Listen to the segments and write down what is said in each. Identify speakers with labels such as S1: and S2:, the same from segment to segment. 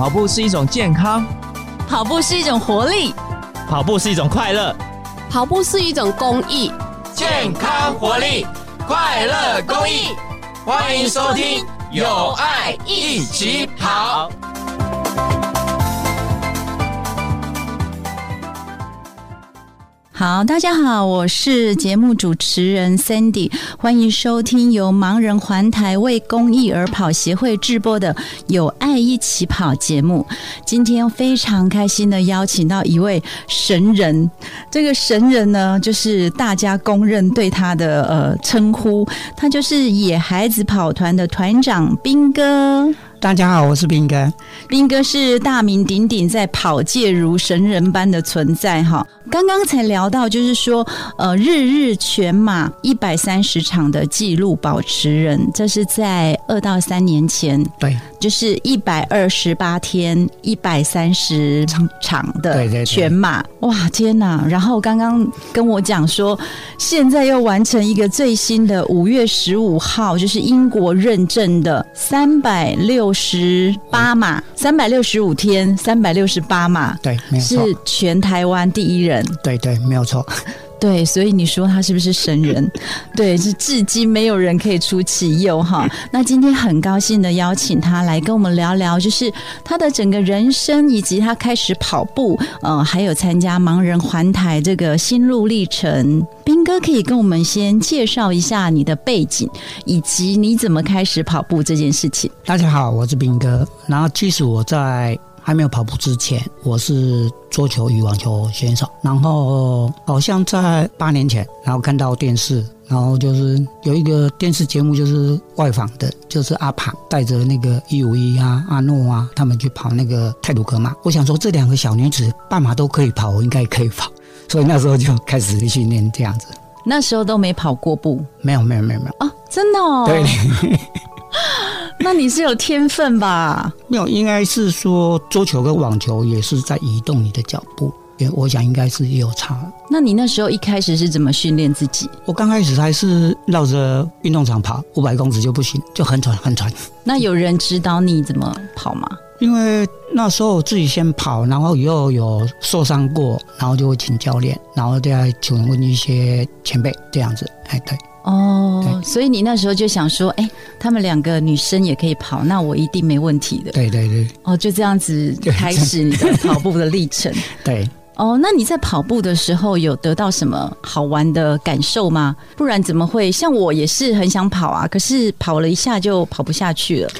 S1: 跑步是一種健康，跑步是一種活力，跑步是一種快樂，跑步是一種公益。健康、活力、快樂、公益，歡迎收聽《有愛一起跑》。好，大家好，我是節目主持人 Sandy，歡迎收聽由盲人環台為公益而跑協會制播的《有愛一起跑》節目。今天非常開心的邀請到一位神人，這個神人呢，就是大家公認對他的呃稱呼，他就是野孩子跑團的團長彬哥。大家好，我是彬哥。彬哥是大名鼎鼎在跑界，如神人般的存在哈。剛剛才聊到，就是說，呃，日日全馬一百三十場的紀錄保持人，這是在。二到三年前，對，就是一百二十八天，一百三十場的全馬，對對對對，哇，天哪！然後剛剛跟我講說，現在又完成一個最新的五月十五號，就是英國認證的三百六十八馬，三百六十五天，三百六十八馬，對，是全台灣第一人，對對，沒有錯。對，所以你說他是不是神人？ 對，是至今沒有人可以出其右哈。那今天很高興的邀請他來跟我們聊聊，就是他的整個人生以及他開始跑步，嗯、呃，還有參加盲人環台這個心路歷程。彬哥可以跟我們先介紹一下你的背景以及你怎麼開始跑步這件事情。大家好，我是彬哥，然後其實我在。還沒有跑步之前，我是桌球與
S2: 網球選手。然後好像在八年前，然後看到電視，然後就是有一個電視節目，就是外訪的，就是阿龐帶着那個伊五伊啊、阿諾啊，他們去跑那個太魯閣馬。我想說這兩個小女子半馬都可以跑，我應該可以跑，所以那時候就開始訓練這樣子。
S1: 那時候都沒跑過步，
S2: 沒有沒有沒有沒有啊、哦，
S1: 真的哦。對。 那你是有天分吧？
S2: 沒有，應該是說桌球跟網球也是在移動你的腳步。也我想應該是有差。那你那時候一開始是怎
S1: 麼訓練自己？我剛開始還
S2: 是繞着運動場跑，五百公尺就不行，就很喘很喘。
S1: 那有人指導你怎麼跑嗎？
S2: 因為那時候自己先跑，然後以後有受傷過，然後就會請教練，然後再請問一些前輩這樣子，對對
S1: 哦。對，所以你那時候就想說，哎、欸，他們兩個女生也可以跑，那我一定沒問題的，對對對。哦，就這樣子開始你的跑步的歷程，對，對哦。那你在跑步的時候有得到什麼好玩的感受嗎？不然怎麼會像我也是很想跑啊，可是跑了一下就跑不下去了。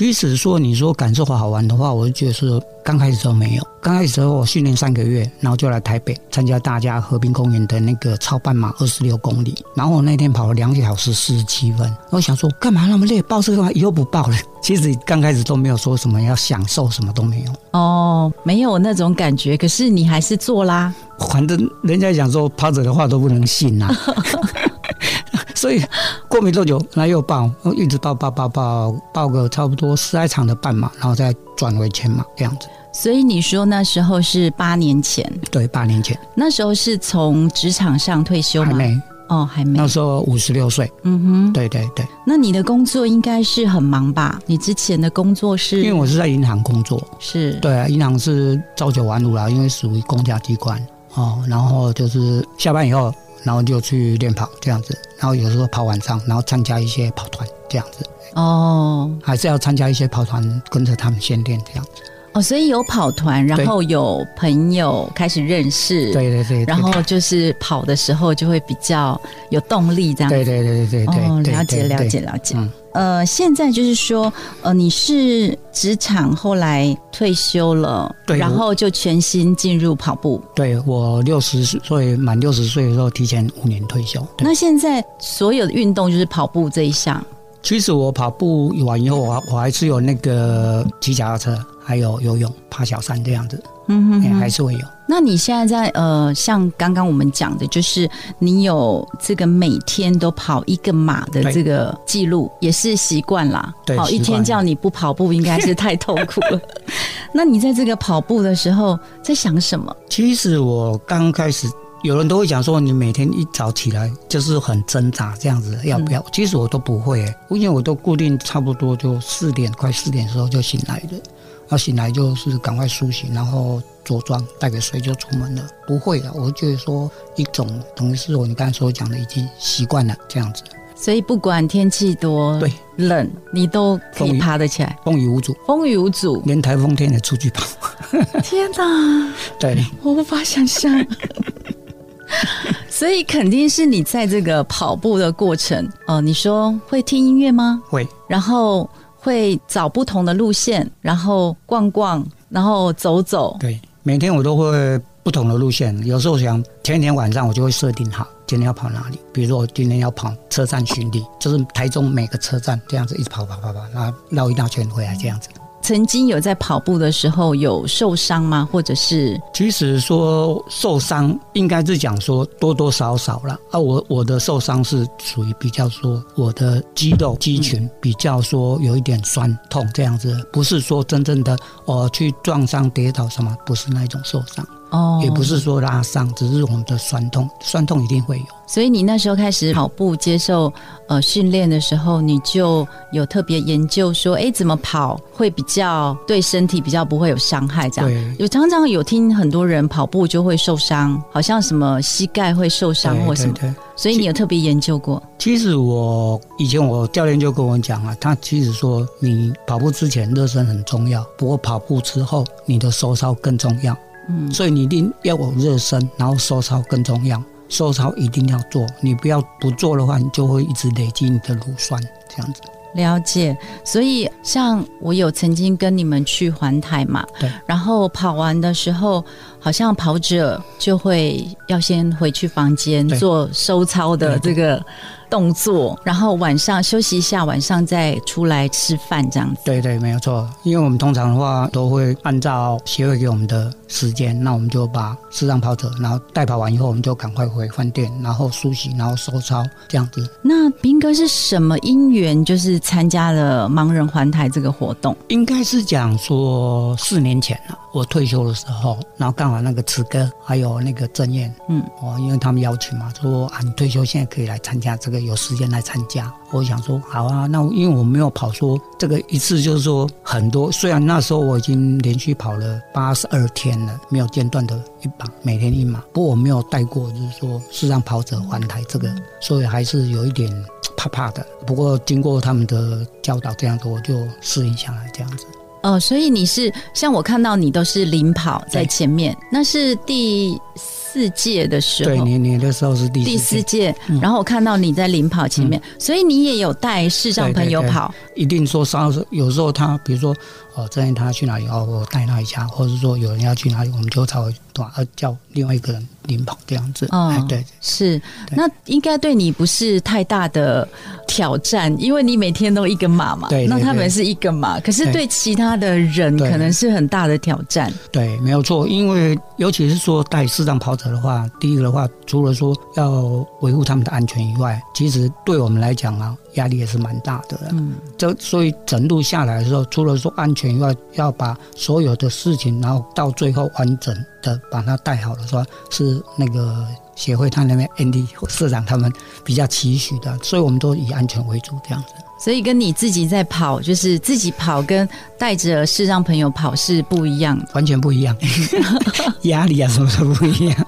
S1: 即使
S2: 說你說感受好好玩的話，我就覺得是剛開始都沒有。剛開始的時候我訓練三個月，然後就來台北參加大家和平公園的那個超半馬二十六公里，然後我那天跑了兩小時四十七分。我想說幹嘛那麼累？報這個話以後不報了。其實剛開始都沒有說什麼要享受，什麼都沒有。
S1: 哦，沒有那種感覺。可是你還是做啦。
S2: 反正人家想說跑者的話都不能信呐、啊， 所以。過敏沒多久，那又報，一直報報報報報個差不多十來場
S1: 的半馬，然後再轉為全馬這樣子。所以你說那時候是八年前，對，八年前那時候是從職場上退休嗎？還沒，哦，還沒。那時候五十六歲，嗯哼，對對對。那你的工作應該是很忙吧？你之前的工作是？因為我是
S2: 在銀行工作，是對啊，銀行是朝九晚五啦，因為屬於公家機關哦。然後就是下班以後。然後就去練跑這樣子，然後有時候跑晚上，然後參加一些跑團這樣子。哦，還是要參加一些跑團，跟着他們先練這樣子。
S1: 哦，所以有跑團，然後有朋友開始認識，對對對，對，然後就是跑的時候就會比較有動力，這樣。對對對
S2: 對對對，哦，了解了解了解。了解
S1: 嗯、呃，現在就是說，呃，你是職場後來退休了，對然後就全心進入跑步。
S2: 對我六十歲，所以滿六十歲的時候提前五年退休。
S1: 那現在所有的運動就是跑步這一項？
S2: 其實我跑步完以後，我我還是有那個騎腳踏車。還有游泳、爬小山這樣子，嗯
S1: 哼、哼、欸，還是會有。那你現在在呃，像剛剛我們講的，就是你有這個每天都跑一個馬的這個記錄，對也是習慣對、喔、了。好，一天叫你不跑步，應該是太痛苦了。 那你在這個跑步的時候，在想什麼？其
S2: 實我剛開始，有人都會講說，你每天一早起來就是很掙扎這樣子，要不要？嗯、其實我都不會、欸，因為我都固定差不多就四點，快四點的時候就醒來的。他醒來就是趕快梳洗，然後着裝，帶個水就出門了。不會的，我就是說一種，等於是我你剛才所講的，已經習慣了這
S1: 樣子。所以不管天氣多對冷，你都可以爬得起來，風雨無阻，風雨無阻，無阻，連台風天也出去跑。 天哪，對了，我無法想象。 所以肯定是你在這個跑步的過程哦。你說會聽音樂嗎？會，然後。會找不同的路線，然後逛逛，然後走走。
S2: 對，每天我都會不同的路線。有時候想，前一天晚上我就會設定好，今天要跑哪裡。比如說，我今天要跑車站巡禮，就是台中每個車站這樣子，一直跑跑跑跑，然後繞一大圈回來這樣
S1: 子。嗯。曾經有在跑步的時候有受傷嗎？或者是即使說受傷，應該是講說多多少少了。啊，我我的受傷是屬
S2: 於比較說，我的肌肉肌群比較說有一點酸痛這樣子，嗯、不是說真正的我，哦，去撞傷、跌倒什麼，不是那一種受傷。哦，也不是說拉傷，只是我們的痠痛，痠痛一定會有。
S1: 所以你那時候開始跑步，接受呃訓練的時候，你就有特別研究說，哎，欸，怎麼跑會比較對身體比較不會有傷害？這樣，對有常常有聽很多人跑步就會受傷，好像什麼膝蓋會受傷或什麼。對對對，所以你有特別研究過？
S2: 其，其實我以前我教練就跟我講啊，他其實說你跑步之前熱身很重要，不過跑步之後你的收操更重要。所以你一定要有熱身，然後收操更重要，收操一定要做。你不要不做的話，你就會一直累積你的乳酸，這樣子。
S1: 了解。所以像我有曾經跟你們去環台嘛，對，然後跑完的時候。好像跑者就會要先回去房間做收操的這個動作。對對對對，然後晚上休息一下，晚上再出來吃飯這樣子。對，對對，沒有錯。
S2: 因為我們通常的話都會按照協會給我們的時間，那我們就把視障跑者，然後代跑完以後，我們就趕快回飯店，然後梳洗，然後收操這樣子。
S1: 那彬哥是什麼因緣，就是參加了盲人環台這個活動？應該是講說四年前了、啊，我退休的時候，然後剛。啊，那個慈哥
S2: 還有那個鄭燕，嗯，哦，因為他們邀請嘛，說啊，你退休現在可以來參加這個，有時間來參加。我想說，好啊，那因為我沒有跑說，說這個一次就是說很多。雖然那時候我已經連續跑了八十二天了，沒有間斷的一跑，每天一馬。不過我沒有帶過，就是說，是讓跑者換台這個，所以還是有一點怕怕的。不過經過他們的教導，這樣子我就適應下來，這樣
S1: 子。哦，所以你是像我看到你都是領跑在前面，對那是第四屆的時候，對，年年的時候是第四第四屆，嗯、然後我看到你在領跑前面，嗯、所以你也有帶視障朋友跑，對對對一定說傷是有時候他，比如說。
S2: 我這他去哪裡哦？我帶他一下，或者是說有人要去哪裡，我們就朝微短叫另外一個人領跑這樣子。啊、嗯，對，對，對，
S1: 是，那應該對你不是太大的挑戰，因為你每天都一個馬嘛，對，對，對，那他們是一個馬，可是對其他的人可能是很大的挑戰。對，
S2: 對，對，沒有錯，因為尤其是說帶視障跑者的話，第一個的話，除了說要維護他們的安全以外，其實對我們來講啊。壓力也是蠻大的，嗯、就所以整路下來的時候，除了說安全以外，要把所有的事情，然後到最後完整的把它帶好了說，是是那個協會他那邊 Andy 社長他們比較期許的，所以我們都以安全為主這樣子。
S1: 所以跟你自己在跑，就是自己跑跟帶着是讓朋友跑是不一樣，完全不一樣，
S2: 壓 力啊什麼都不一樣。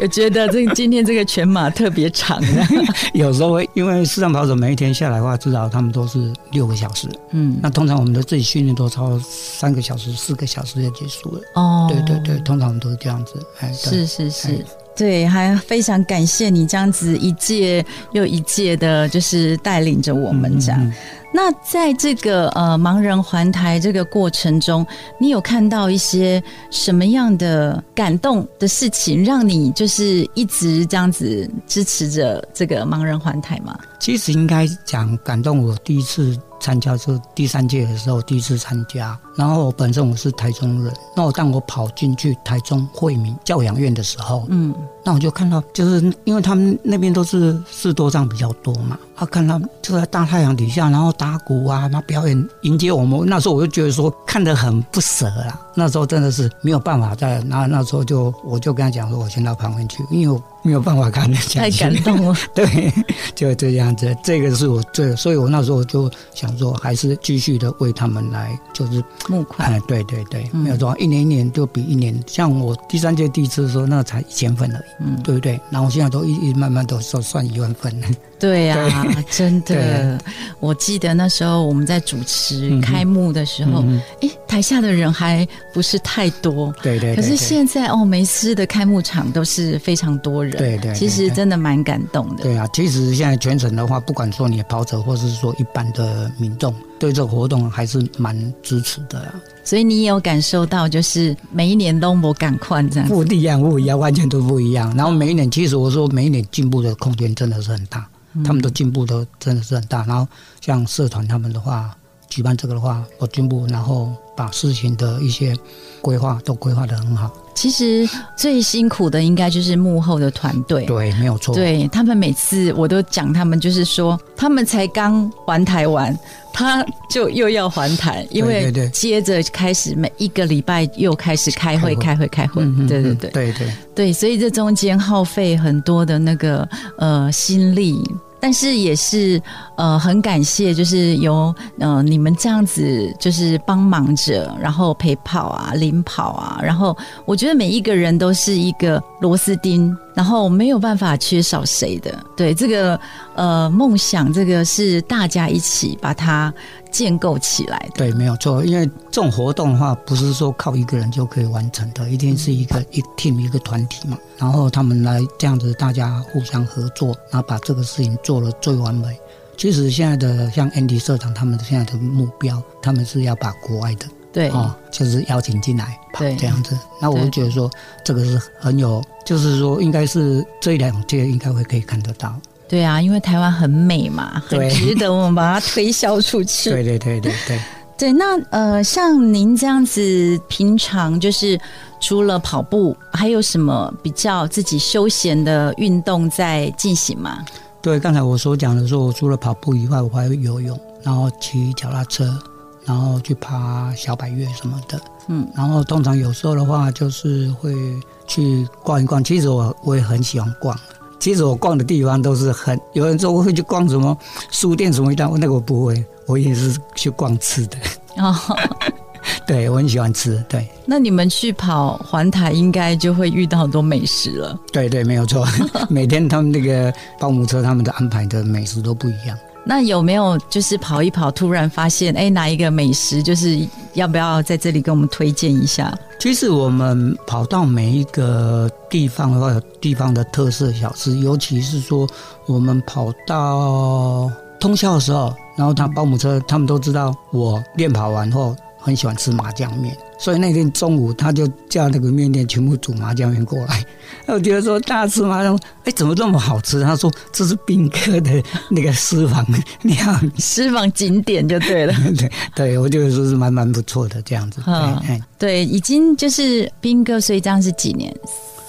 S1: 我覺得這今天這個全馬特別長。
S2: 有時候會因為市場跑者每一天下來的話，至少他們都是六個小時。嗯，那通常我們都自己訓練都超三個小時、四個小時就結束了。哦，對對對，通常都是這樣
S1: 子。哎，是是是。哎對，還非常感謝你這樣子一屆又一屆的，就是帶領着我們這樣。嗯，那在這個呃盲人環台這個過程中，你有看到一些什麼樣的感動的事情，讓你就是一直這樣子支持着這個盲人環台嗎？
S2: 其實應該講感動，我第一次參加就第三屆的時候，第一次參加。然後我本身我是台中人，那我當我跑進去台中惠民教養院的時候，嗯，那我就看到，就是因為他們那邊都是士多障比較多嘛，他、啊、看到就在大太陽底下，然後打鼓啊，那表演迎接我們。那時候我就覺得說看得很不舍啦、啊，那時候真的是沒有辦法再，那那時候就我就跟他講說，我先到旁邊去，因為我沒有辦法看。太感動了，對，就這樣子。這個是我最，所以我那時候我就想說，還是繼續的為他們來，就是。木塊、嗯，對對對，沒有多少。一年一年就比一年，像我第三屆第一次的時候，那個、才一千份而已，嗯、對不對？然後我現在都一一,一慢慢都算一萬份。
S1: 對啊，對真的。啊、我記得那時候我們在主持開幕的時候，哎、嗯嗯欸，台下的人還不是太多。對對，對對。可是現在，奧梅斯的開幕場都是非常多人。對對，對對。其實真的蠻感動的對對對。對啊，其實現
S2: 在全省的話，不管說你的跑者，或是說一般的民眾，對這個活動還是蠻支持的。
S1: 所以你有感受到，就是每一年都不一樣，這樣子。不
S2: 一樣，不一樣，完全都不一樣。然後每一年，其實我說每一年進步的空間真的是很大。他們的進步都真的是很大，然後像社團他們的話，舉辦這個的話，我進步，然後把事情的一些規劃都規劃得很好。
S1: 其實最辛苦的應該就是幕後的團隊，
S2: 對，沒有錯。對，
S1: 他們每次我都講，他們就是說，他們才剛還台完，他就又要還台，因為接着開始每一個禮拜又開始開會、開會、開會，開會，嗯嗯嗯，對對對，對對對，所以這中間耗費很多的那個呃心力。但是也是呃，很感謝，就是有嗯、呃、你們這樣子就是幫忙着，然後陪跑啊、領跑啊，然後我覺得每一個人都是一個螺絲釘，然後沒有辦法缺少誰的。對這個呃夢想，這個是大家一起把它。建構起來的。對，沒
S2: 有錯，因為這種活動的話，不是說靠一個人就可以完成的，一定是一個一 team 一個團體嘛。然後他們來這樣子，大家互相合作，然後把這個事情做得最完美。其實現在的像 Andy 社長，他們現在的目標，他們是要把國外的對哦、嗯，就是邀請進來，對這樣子。對那我會覺得說，這個是很有，就是說，應該是這一兩屆應該會可以看得到。
S1: 對啊，因為台灣很美嘛，很值得我們把它推銷出去。對對對對對，對。那呃，像您這樣子，平常就是除了跑步，還有什麼比較自己休閒的運動在進行嗎？對，剛才
S2: 我所講的說，我除了跑步以外，我還會游泳，然後騎腳踏車，然後去爬小百岳什麼的。嗯，然後通常有時候的話，就是會去逛一逛。其實我我也很喜歡逛。其實我逛的地方都是很有人說我會去逛什麼書店什麼的，我那個我不會，我也是去逛吃的。
S1: 哦、oh. ，
S2: 對，我很喜歡吃，對。
S1: 那你們去跑環台，應該就會遇到很多美食了。
S2: 對對，沒有錯。每天他們那個保姆車，他們的安排的美食都不一樣。
S1: 那有沒有就是跑一跑，突然發現哎、欸、哪一個美食，就是要不要在這裡跟我們推薦一下？
S2: 其實我們跑到每一個地方的話，有地方的特色小吃，尤其是說我們跑到通宵的時候，然後他保姆車他們都知道我練跑完後。很喜歡吃麻醬麵，所以那天中午他就叫那個麵店全部煮麻醬麵過來。我覺得說大吃麻醬，哎、欸，怎麼這麼好吃？他說這是彬哥的那個私房，
S1: 你看私房景點就對了。對 對，我就說
S2: 是蠻蠻不錯的這樣子。嗯、
S1: 對，已經就是彬哥，所以這樣是幾年？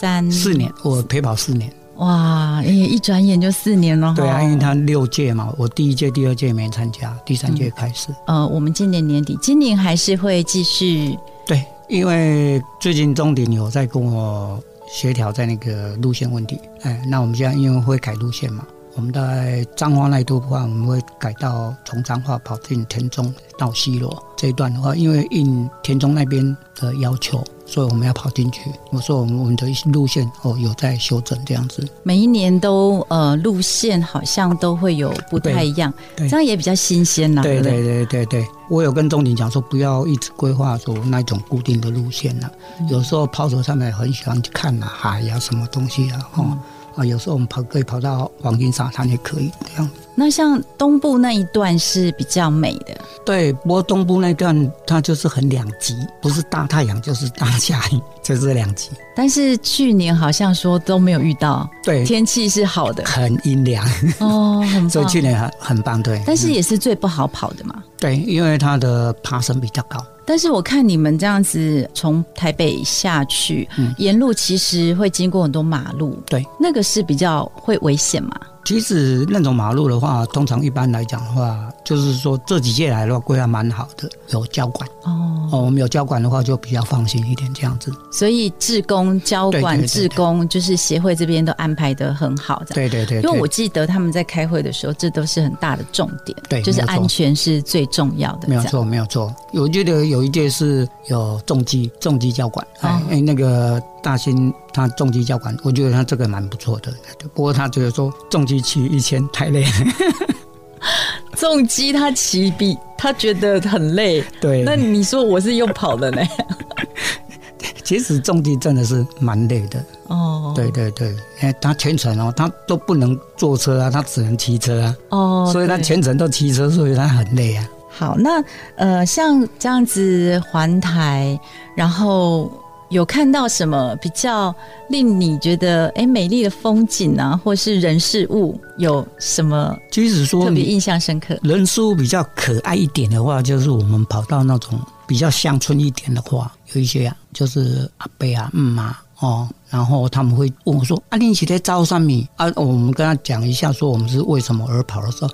S1: 三四年，
S2: 我陪跑四年。
S1: 哇，欸、一轉眼就四年了。對啊，因為
S2: 他六屆嘛，我第一屆、第二屆也沒參加，第三屆開始、嗯。呃，我們今年年底，今年還是會繼續。對，因為最近終點有在跟我協調，在那個路線問題。哎、欸，那我們現在因為會改路線嘛。我們在彰化那一度的話，我們會改到從彰化跑進田中到西螺這一段的話，因為應田中那邊的要求，所以我們要跑進去。我說我們我們的路線哦有在修整，這樣子，
S1: 每一年都呃路線好像都會有不太一樣，這樣也比較新鮮啦、啊。對對
S2: 對對對，對吧我有跟鍾景講說不要一直規劃說那種固定的路線、啊嗯、有時候跑走上來很喜歡去看吶、啊、海呀、啊、什麼東西啊、嗯啊，有時候我們跑可以跑到黃金沙灘也可以
S1: 這樣子。那像東部那一段是比較美的，對。不過東部那段它就是很兩極，不是大太陽就是大下雨，就是兩極。但是去年好像說都沒有遇到，對，天氣是好的，很陰涼哦， 所以去年很很棒，對。但是也是最不好跑的嘛、嗯，對，因為它的爬升比較高。但是我看你們這樣子從台北下去，嗯、沿路其實會經過很多馬路，對，那個是比較會危險嘛。
S2: 其實那種馬路的話，通常一般來講的話，就是說這幾屆來的話，規劃蠻好的，有交管。oh. 哦。我們有交管的話，就比較放心一點這樣子。
S1: 所以，志工交管志工就是協會這邊都安排得很好的。對，對對對，因為我記得他們在開會的時候，這都是很大的重點。對，就是安全是最重要的。沒有，
S2: 樣沒有錯，沒有錯。我記得有一屆是有重機重機交管啊，哎。oh. 欸，那個。大興他重機教官，我覺得他這個蠻不錯的。不過他覺得說重機騎一千太累了。
S1: 重機他騎比他覺得很累。對，那你說我是用跑的呢？
S2: 其實重機真的是蠻累的。哦，對對對，因為他全程哦，他都不能坐車啊，他只能騎車啊。哦，所以他全程都騎車，所以他很累啊。
S1: 好，那呃，像這樣子環台，然後。有看到什麼比較令你覺得哎、欸、美麗的風景啊，或是人事物有什麼？即使說特別印象深刻，
S2: 人事物比較可愛一點的話，就是我們跑到那種比較鄉村一點的話，有一些呀、啊，就是阿伯啊、阿、嗯、媽、啊、哦，然後他們會問我說：“阿玲姐在招什麼啊？你啊”我們跟他講一下說我們是為什麼而跑的時候。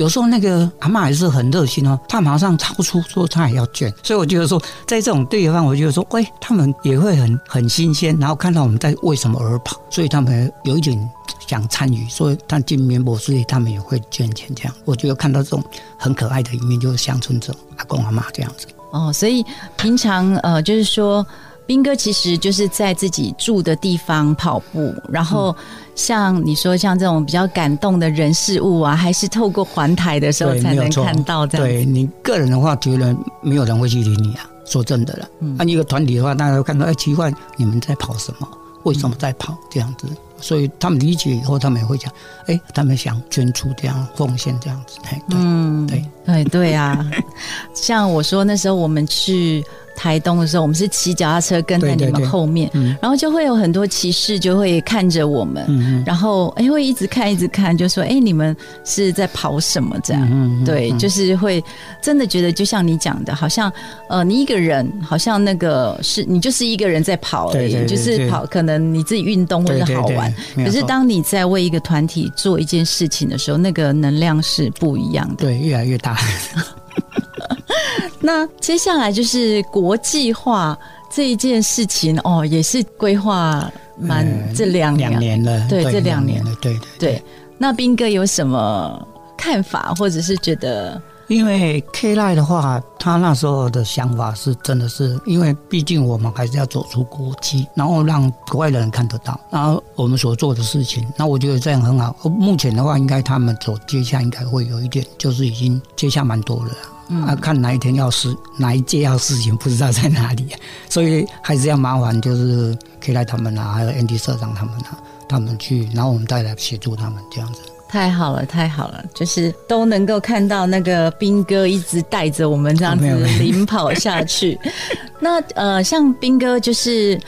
S2: 有時候那個阿嬤，也是很熱心哦，她馬上掏出說她也要捐，所以我覺得說在這種地方，我覺得說，哎、欸，他們也會很很新鮮，然後看到我們在為什麼而跑，所以他們有一點想參與，所以她盡綿薄之力，所以他們也會捐錢這樣。我覺得看到這種很可愛的一面，就是鄉村這種阿公阿嬤這樣子。
S1: 哦，所以平常呃就是說。彬哥其實就是在自己住的地方跑步，然後像你說，像這種比較感動的人事物啊，還是透過環台的時候才能看到這樣對。對
S2: 你個人的話，覺得沒有人會去理你啊，說真的了。那、嗯啊、一個團體的話，大家會看到，哎，奇怪，你們在跑什麼？為什麼在跑？這樣子，所以他們理解以後，他們也會講，哎，他們想捐出這樣奉獻這樣子。哎，
S1: 對，嗯、對，哎，對啊。 像我說那時候我們去。台東的時候，我們是騎腳踏車跟在你們後面，對對對嗯、然後就會有很多騎士就會看着我們，嗯、哼然後哎、欸、會一直看一直看，就說哎、欸、你們是在跑什麼這樣？對，嗯、哼哼就是會真的覺得就像你講的，好像呃你一個人好像那個是，你就是一個人在跑，欸，對對對對就是跑，可能你自己運動或者好玩，對對對對可是當你在為一個團體做一件事情的時候，那個能量是不一樣的，對，越來越大。 那接下來就是國際化這一件事情哦，也是規劃蠻這兩年兩年了，對，這兩年了，對對對。對那彬哥有什麼看法，或者是覺得？因為 K line 的話，他那時候的
S2: 想法是真的是，因為畢竟我們還是要走出國際，然後讓國外的人看得到，然後我們所做的事情，那我覺得這樣很好。目前的話，應該他們走接下應該會有一點，就是已經接下蠻多了，啊。啊，看哪一天要是哪一屆要事情，不知道在哪裡、啊，所以還是要麻煩，就是可以來他們啊，還有 Andy 社長他們啊，他們去，然後我們再來協助他們這樣子。
S1: 太好了，太好了，就是都能夠看到那個彬哥一直帶着我們這樣子領跑下去。哦、那呃，像彬哥就是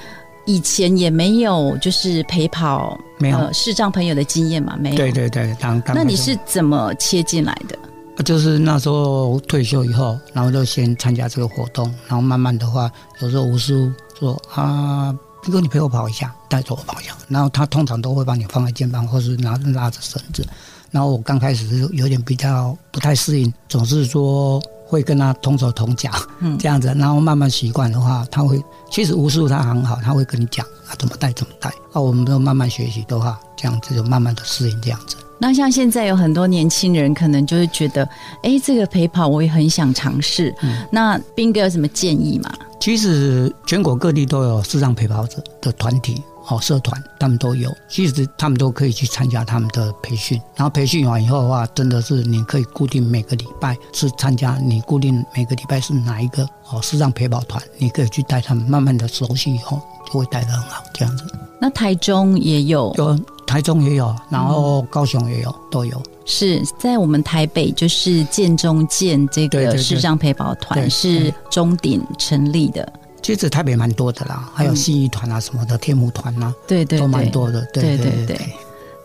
S1: 以前也沒有就是陪跑沒有視障、呃、朋友的經驗嘛，沒有，對
S2: 對對，當，當那你是
S1: 怎麼切進來的？
S2: 就是那時候退休以後，然後就先參加這個活動，然後慢慢的話，有時候吳師傅說：“啊，如果你陪我跑一下，帶著我跑一下。”然後他通常都會把你放在肩膀，或是拿拉着繩子。然後我剛開始是有點比較不太適應，總是說會跟他同手同腳，嗯，這樣子。然後慢慢習慣的話，他會，其實吳師傅他很好，他會跟你講啊，怎麼帶，怎麼帶。啊，我們都慢慢學習的話，這樣子就慢慢的適應這樣子。
S1: 那像現在有很多年輕人，可能就是覺得，哎、欸，這個陪跑我也很想嘗試。嗯、那彬哥有什麼建議嗎？
S2: 其實全國各地都有視障陪跑者的團體、哦社團，他們都有。其實他們都可以去參加他們的培訓，然後培訓完以後的話，真的是你可以固定每個禮拜是參加，你固定每個禮拜是哪一個哦視障陪跑團，你可以去帶他們，慢慢的熟悉以後，就會帶得很好這樣子。
S1: 那台中也有有。台中也有，然後高雄也有，都有。是在我們台北，就是建中建這個視障陪跑團是中鼎成立的。嗯、其實台北蠻多的啦，還有信義團啊什麼的，
S2: 嗯、天母團啊，
S1: 對對，對都蠻多的。對對對，對，對，對，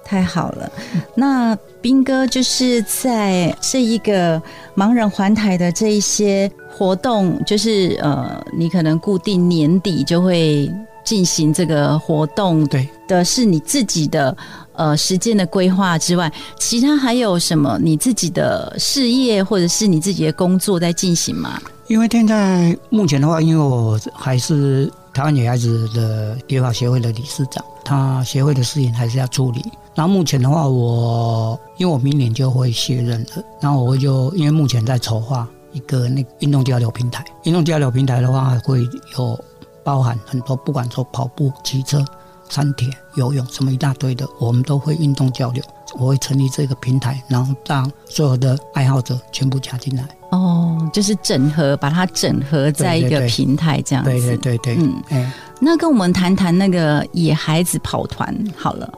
S1: 太好了。那彬哥就是在這一個盲人環台的這一些活動，就是呃，你可能固定年底就會。進行這個活動，對的是你自己的呃時間的規劃之外，對其他還有什麼？你自己的事業或者是你自己的工作在進行嗎？因為現在
S2: 目前的話，因為我還是台灣女孩子的羽毛協會的理事長，她協會的事情還是要處理。然後目前的話我，我因為我明年就會卸任了，然後我就因為目前在籌劃一個那個運動交流平台，運動交流平台的話還會有。包含很多，不管說跑步、騎車、三鐵、游泳，什麼一大堆的，我們都會運動交流。我會成立這個平台，然後讓所有的愛好者全部加進來。
S1: 哦，就是整合，把它整合在一個平台，這樣子。對對對
S2: 對，對對對
S1: 嗯，欸、那跟我們談談那個野孩子跑團好了。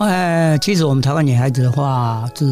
S2: 哎、欸，其實我們台灣野孩子的話，是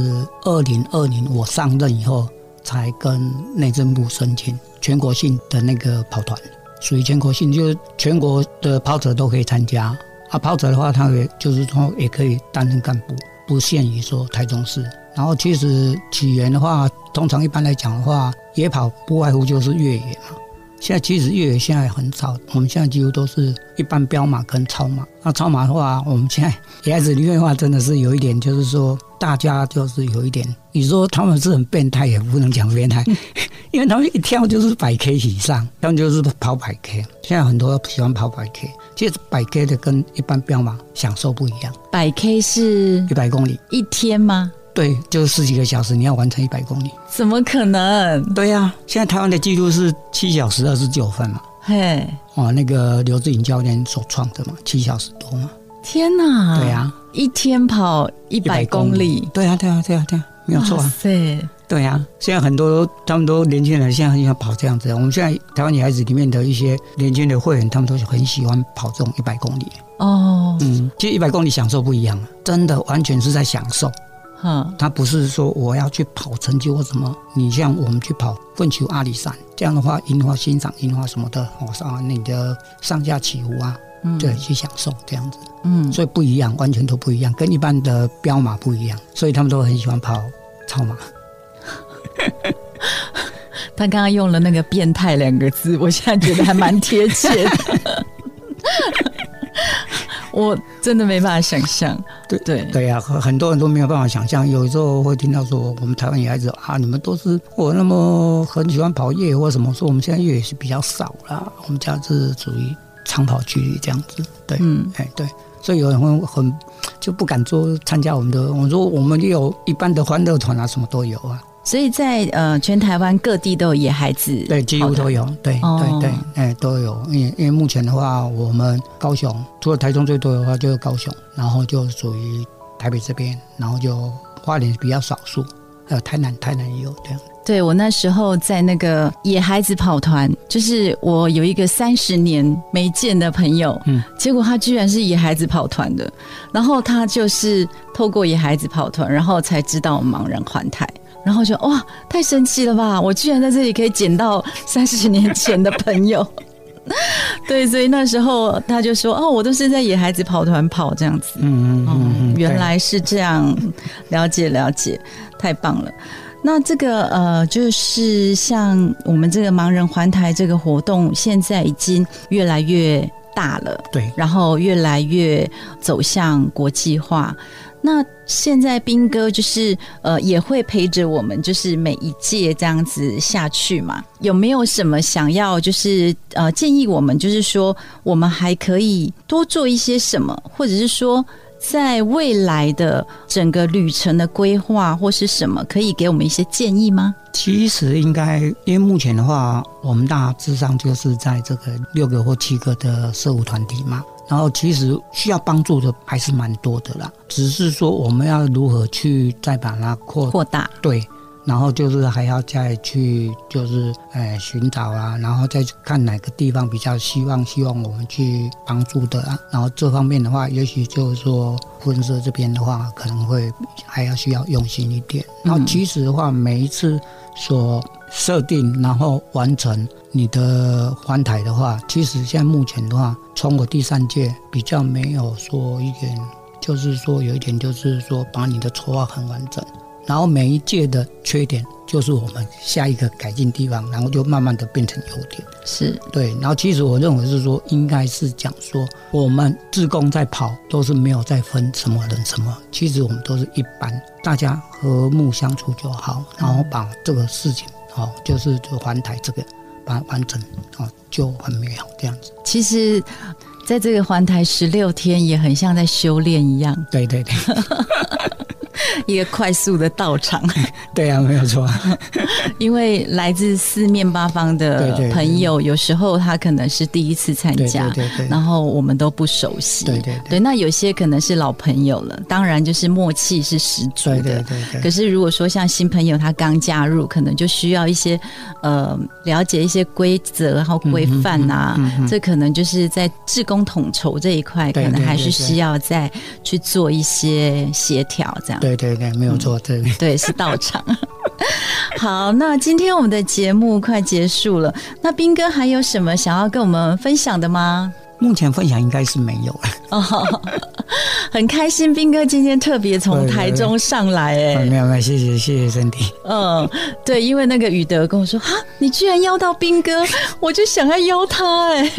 S2: 二零二零我上任以後，才跟內政部申請全國性的那個跑團。屬於全國性，就是全國的跑者都可以參加。啊，跑者的話，他也就是說也可以擔任幹部，不限於說台中市。然後，其實起源的話，通常一般來講的話，野跑不外乎就是越野嘛。現在其實越野現在很少，我們現在幾乎都是一般標馬跟超馬。那超馬的話，我們現在野子的越野真的是有一點，就是說大家就是有一點，你說他們是很變態，也不能講變態。 因為他們一跳就是百 k 以上，他們就是跑百 k。現在很多人喜歡跑百 k，其實百 k 的跟一般標馬享受不一樣。百 k 是一百公里
S1: 一天嗎？
S2: 對，就是十幾個小時，你要完成一百公里，
S1: 怎麼可能？對呀、啊，現在台灣的記錄是七
S2: 小時二十九分嘛。嘿，哦，那個劉志穎教練所創的嘛，七小時多嘛。
S1: 天哪、啊！對呀、啊，一天跑一百公，公里？對呀、啊，對呀、啊，對呀、啊，對呀、啊，沒有錯啊。
S2: 對呀、啊，現在很多他們都年輕人，現在很喜歡跑這樣子。我們現在台灣女孩子裡面的一些年輕的會員，他們都很喜歡跑這種一百公里哦。
S1: Oh. 嗯，
S2: 其實一百公里享受不一樣，真的完全是在享受。嗯，他不是說我要去跑成績或什麼。你像我們去跑奮起湖阿里山，這樣的話櫻花欣賞櫻花什麼的，是啊，你的上下起伏啊，嗯、對，去享受這樣子。嗯，所以不一樣，完全都不一樣，跟一般的標馬不一樣，所以他們都很喜歡跑超馬。
S1: 他剛剛用了那個“變態”兩個字，我現在覺得還蠻貼切的。 我真的沒辦法想象，
S2: 對對對啊，很多人都沒有辦法想象。有時候會聽到說，我們台灣女孩子啊，你們都是我那麼很喜歡跑夜或什麼，說我們現在夜也是比較少了，我們家是屬於長跑距離這樣子。對，嗯，哎、欸，對，所以有人會很就不敢做參加我們的。我說我們也有一般的歡樂團啊，什麼都有啊。
S1: 所以在呃，全台灣各地都有野孩子，對，幾乎都有，
S2: 對對、哦、對，哎、欸、都有，因為因為目前的話，我們高雄除了台中最多的話，就是高雄，然後就屬於台北這邊，然後就花蓮比較少數，還、呃、有台南台南也有這樣。對，
S1: 對我那時候在那個野孩子跑團，就是我有一個三十年沒見的朋友，嗯，結果他居然是野孩子跑團的，然後他就是透過野孩子跑團，然後才知道我盲人環台。然後就哇，太神奇了吧！我居然在這裡可以撿到三十年前的朋友， 對，所以那時候他就說：“哦，我都是在野孩子跑團跑這樣子。”嗯嗯嗯嗯，原來是這樣，對了解了解，太棒了。那這個呃，就是像我們這個盲人環台這個活動，現在已經越來越大了，對，然後越來越走向國際化。那現在彬哥就是呃也會陪着我們，就是每一屆這樣子下去嘛？有沒有什麼想要就是呃建議我們？就是說我們還可以多做一些什麼，或者是說在未來的整個旅程的規劃或是什麼，可以給我們一些建議嗎？其實應該，因為目前的話，我們大
S2: 致上就是在這個六個或七個的社務團體嘛。然後其實需要幫助的還是蠻多的啦，只是說我們要如何去再把它擴擴大，對，然後就是還要再去就是呃，尋找啊，然後再看哪個地方比較希望希望我們去幫助的啊，然後這方面的話，也許就是說婚社這邊的話，可能會還要需要用心一點。嗯，然後其實的話，每一次說，設定，然後完成你的環台的話，其實現在目前的話，從我第三屆比較沒有說一點，就是說有一點就是說把你的籌劃很完整，然後每一屆的缺點就是我們下一個改進地方，然後就慢慢的變成優點。是對，然後其實我認為是說，應該是講說我們志工在跑都是沒有在分什麼人什麼，其實我們都是一般，大家和睦相處就好，嗯、然後把這個事情。哦，就是就環台這個完成，哦，就很美好
S1: 這樣子。其實，在這個環台十六天，也很像在修煉一樣。對對對。 一個快速的到場， 對啊，沒有錯。 因為來自四面八方的朋友，對對對對，有時候他可能是第一次參加，對對對對，然後我們都不熟悉。對對對、對、對，那有些可能是老朋友了，當然就是默契是十足的。對對對對，可是如果說像新朋友，他剛加入，可能就需要一些呃了解，一些規則然後規範啊。這、嗯嗯嗯、可能就是在志工統籌這一塊，對對對對，可能還是需要再去做一些協調，這樣對、對。對，沒有錯，對、嗯、對是到場。 好，那今天我們的節目快結束了，那彬哥還有什麼想要跟我們分享的嗎？目前分享應該是沒有了哦，很開心彬哥今天特別從台中上來哎，沒有沒有，謝謝謝謝 Sandy。嗯，對，因為那個宇德跟我說哈、啊，你居然邀到彬哥，我就想要邀他哎，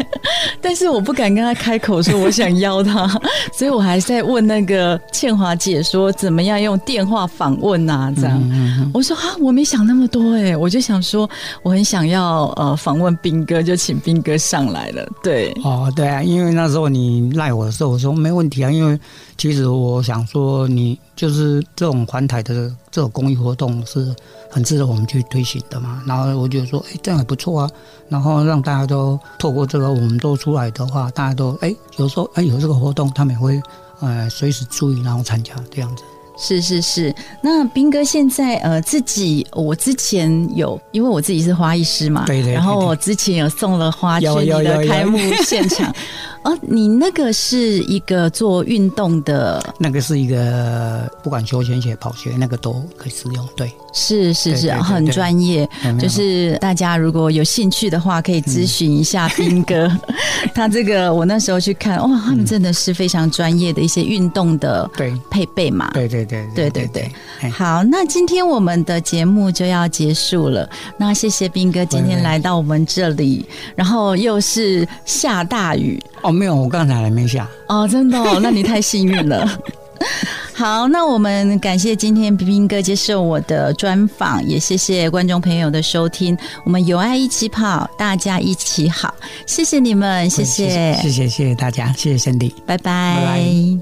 S1: 但是我不敢跟他開口說我想邀他， 所以我還在問那個倩華姐說怎麼樣用電話訪問吶、啊、這樣。嗯嗯嗯、我說哈、啊，我沒想那麼多哎，我就想說我很想要呃訪問彬哥，就請彬哥上來了。對，
S2: 哦對。哎，因為那時候你賴我的時候，我說沒問題啊。因為其實我想說，你就是這種環台的這種公益活動是很值得我們去推行的嘛。然後我就說，哎、欸，這樣也不錯啊。然後讓大家都透過這個，我們都出來的話，大家都哎、欸，有時候哎、欸，有這個活動，他們也會呃隨時注意，然後參加這樣子。
S1: 是是是，那彬哥現在呃，自己我之前有，因為我自己是花藝師嘛，對對對，然後我之前有送了花去你的開幕，有有有有有現場。有有有有 啊、哦，你那個是一個做運動的，那個是一個不管休閒鞋、跑鞋，那個都可以使用。對，是是是，很專業。對對對，就是大家如果有興趣的話，可以諮詢一下彬哥。對他這個我那時候去看，哇、哦，他們真的是非常專業的一些運動的對配備嘛。對對對對對對。對對對好，那今天我們的節目就要結束了。那謝謝彬哥今天來到我們這裡，對對對然後又是下大雨。哦沒有，我剛才還沒下。哦，真的，哦，那你太幸運了。 好，那我們感謝今天彬彬哥接受我的專訪，也謝謝觀眾朋友的收聽。我們有愛一起跑，大家一起好，謝謝你們，謝謝，謝謝，謝謝大家，謝謝 Cindy，拜拜。拜拜。